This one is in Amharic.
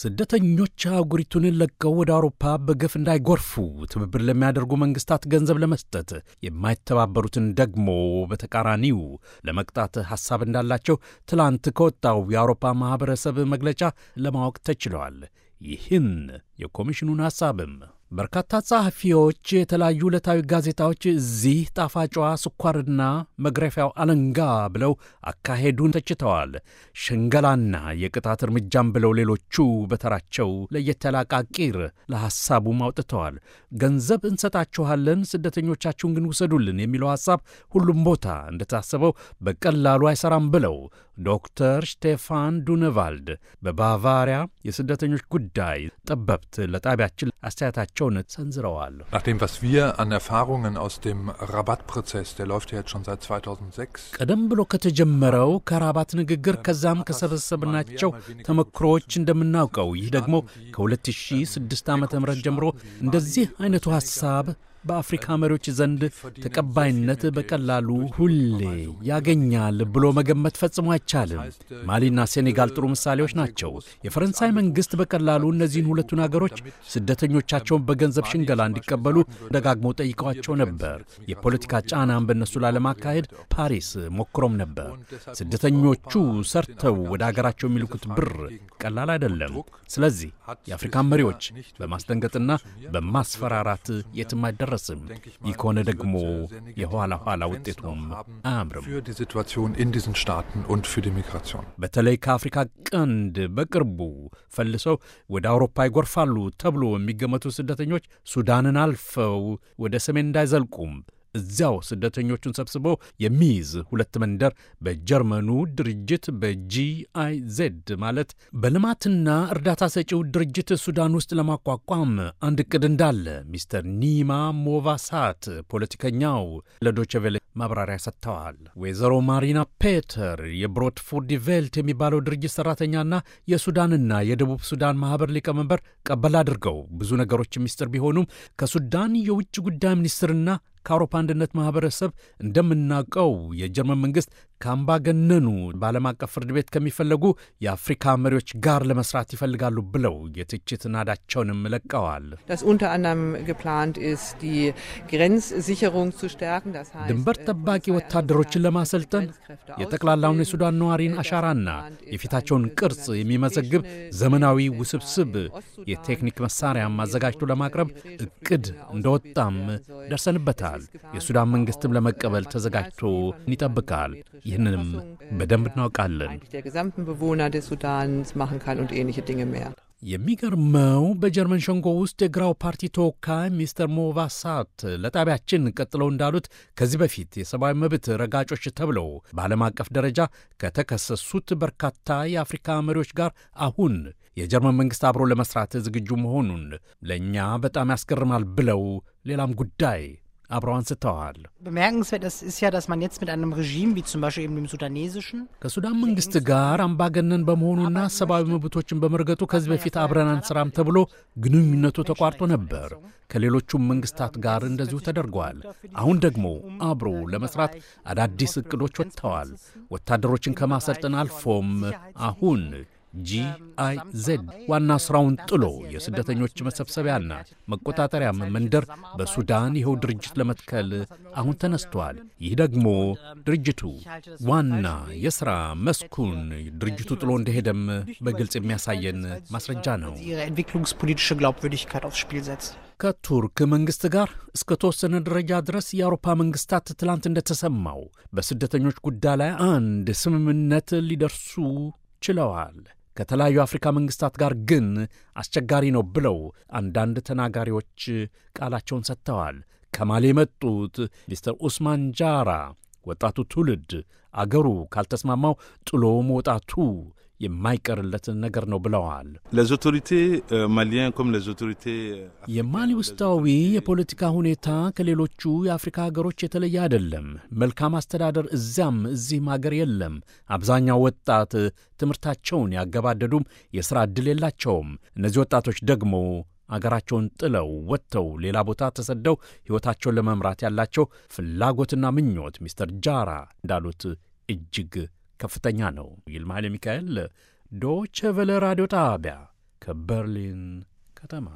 ስደተኞች አህጉሪቱን ለቀው ወደ አውሮፓ በገፍ እንዳይጎርፉ ትብብር ለሚያደርጉ መንግስታት ገንዘብ ለመስጠት የማይተባበሩትን ደግሞ በተቃራኒው ለመቅጣት ሐሳብ እንዳላቸው ትላንት ከወጣው የአውሮፓ ማኅበረሰብ መግለጫ ለማወቅ ተችለዋል። ይህን የኮሚሽኑን ሐሳብም በርካታ ጸሐፊዎች፣ የተለያዩ ዕለታዊ ጋዜጣዎች እዚህ ጣፋጯ ስኳርና መግረፊያው አለንጋ ብለው አካሄዱን ተችተዋል። ሽንገላና የቅጣት እርምጃም ብለው ሌሎቹ በተራቸው ለየት ያለ አቃቂር ለሐሳቡም አውጥተዋል። ገንዘብ እንሰጣችኋለን፣ ስደተኞቻችሁን ግን ውሰዱልን የሚለው ሐሳብ ሁሉም ቦታ እንደታሰበው በቀላሉ አይሠራም ብለው ዶክተር ስቴፋን ዱነቫልድ በባቫሪያ የስደተኞች ጉዳይ ጠበብት ለጣቢያችን አስተያየታቸው ያላቸውን ሰንዝረዋል። Nachdem was wir an Erfahrungen aus dem Rabattprozess, der läuft ja jetzt schon seit 2006 ቀደም ብሎ ከተጀመረው ከራባት ንግግር ከዛም ከሰበሰብናቸው ተመክሮዎች እንደምናውቀው ይህ ደግሞ ከ2006 ዓ ም ጀምሮ እንደዚህ አይነቱ ሀሳብ በአፍሪካ መሪዎች ዘንድ ተቀባይነት በቀላሉ ሁሌ ያገኛል ብሎ መገመት ፈጽሞ አይቻልም። ማሊና ሴኔጋል ጥሩ ምሳሌዎች ናቸው። የፈረንሳይ መንግሥት በቀላሉ እነዚህን ሁለቱን አገሮች ስደተኞቻቸውን በገንዘብ ሽንገላ እንዲቀበሉ ደጋግመው ጠይቀዋቸው ነበር። የፖለቲካ ጫናን በእነሱ ላለማካሄድ ፓሪስ ሞክሮም ነበር። ስደተኞቹ ሰርተው ወደ አገራቸው የሚልኩት ብር ቀላል አይደለም። ስለዚህ የአፍሪካን መሪዎች በማስደንገጥና በማስፈራራት የትም አይደረ አልደረስም። ይህ ከሆነ ደግሞ äh, የኋላ ኋላ ውጤቱም አያምርም። በተለይ ከአፍሪካ ቀንድ በቅርቡ ፈልሰው ወደ አውሮፓ ይጎርፋሉ ተብሎ የሚገመቱ ስደተኞች ሱዳንን አልፈው ወደ ሰሜን እንዳይዘልቁም እዚያው ስደተኞቹን ሰብስቦ የሚይዝ ሁለት መንደር በጀርመኑ ድርጅት በጂአይ ማለት በልማትና እርዳታ ሰጪው ድርጅት ሱዳን ውስጥ ለማቋቋም አንድ እቅድ እንዳለ ሚስተር ኒማ ሞቫሳት ፖለቲከኛው ለዶቸቬሌ ማብራሪያ ሰጥተዋል። ወይዘሮ ማሪና ፔተር የብሮትፉርድ ቬልት የሚባለው ድርጅት ሠራተኛና የሱዳንና የደቡብ ሱዳን ማኅበር ሊቀመንበር ቀበል አድርገው ብዙ ነገሮች ሚስጥር ቢሆኑም ከሱዳን የውጭ ጉዳይ ሚኒስትርና ከአውሮፓ አንድነት ማህበረሰብ እንደምናውቀው የጀርመን መንግስት ከአምባገነኑ በዓለም አቀፍ ፍርድ ቤት ከሚፈለጉ የአፍሪካ መሪዎች ጋር ለመስራት ይፈልጋሉ ብለው የትችት ናዳቸውንም ለቀዋል። ድንበር äh, ጠባቂ ወታደሮችን ለማሰልጠን የጠቅላላውን የሱዳን ነዋሪን አሻራና የፊታቸውን ቅርጽ የሚመዘግብ ዘመናዊ ውስብስብ የቴክኒክ መሳሪያም አዘጋጅቶ ለማቅረብ እቅድ እንደወጣም ደርሰንበታል። የሱዳን መንግስትም ለመቀበል ተዘጋጅቶ ይጠብቃል። ይህንንም በደንብ እናውቃለን። የሚገርመው በጀርመን ሸንጎ ውስጥ የግራው ፓርቲ ተወካይ ሚስተር ሞቫሳት ለጣቢያችን ቀጥለው እንዳሉት ከዚህ በፊት የሰብአዊ መብት ረጋጮች ተብለው በዓለም አቀፍ ደረጃ ከተከሰሱት በርካታ የአፍሪካ መሪዎች ጋር አሁን የጀርመን መንግሥት አብሮ ለመስራት ዝግጁ መሆኑን ለእኛ በጣም ያስገርማል ብለው ሌላም ጉዳይ አብረዋን አንስተዋል። ከሱዳን መንግስት ጋር አምባገነን በመሆኑና ሰብአዊ መብቶችን በመርገጡ ከዚህ በፊት አብረን ስራም ተብሎ ግንኙነቱ ተቋርጦ ነበር። ከሌሎቹም መንግስታት ጋር እንደዚሁ ተደርጓል። አሁን ደግሞ አብሮ ለመስራት አዳዲስ እቅዶች ወጥተዋል። ወታደሮችን ከማሰልጠን አልፎም አሁን ጂአይዜድ ዋና ሥራውን ጥሎ የስደተኞች መሰብሰቢያና መቆጣጠሪያ መንደር በሱዳን ይኸው ድርጅት ለመትከል አሁን ተነስቷል። ይህ ደግሞ ድርጅቱ ዋና የሥራ መስኩን ድርጅቱ ጥሎ እንደሄደም በግልጽ የሚያሳየን ማስረጃ ነው። ከቱርክ መንግሥት ጋር እስከ ተወሰነ ደረጃ ድረስ የአውሮፓ መንግሥታት ትላንት እንደተሰማው በስደተኞች ጉዳይ ላይ አንድ ስምምነት ሊደርሱ ችለዋል። ከተለያዩ አፍሪካ መንግሥታት ጋር ግን አስቸጋሪ ነው ብለው አንዳንድ ተናጋሪዎች ቃላቸውን ሰጥተዋል። ከማሊ የመጡት ሚስተር ኡስማን ጃራ ወጣቱ ትውልድ አገሩ ካልተስማማው ጥሎ መውጣቱ የማይቀርለትን ነገር ነው ብለዋል። euh, euh, የማሊ ውስጣዊ የፖለቲካ ሁኔታ ከሌሎቹ የአፍሪካ ሀገሮች የተለየ አይደለም። መልካም አስተዳደር እዚያም እዚህም ሀገር የለም። አብዛኛው ወጣት ትምህርታቸውን ያገባደዱም የሥራ ዕድል የላቸውም። እነዚህ ወጣቶች ደግሞ አገራቸውን ጥለው ወጥተው ሌላ ቦታ ተሰደው ሕይወታቸውን ለመምራት ያላቸው ፍላጎትና ምኞት ሚስተር ጃራ እንዳሉት እጅግ ከፍተኛ ነው። ይልማ ኃይለ ሚካኤል ዶቼ ቬለ ራዲዮ ጣቢያ ከበርሊን ከተማ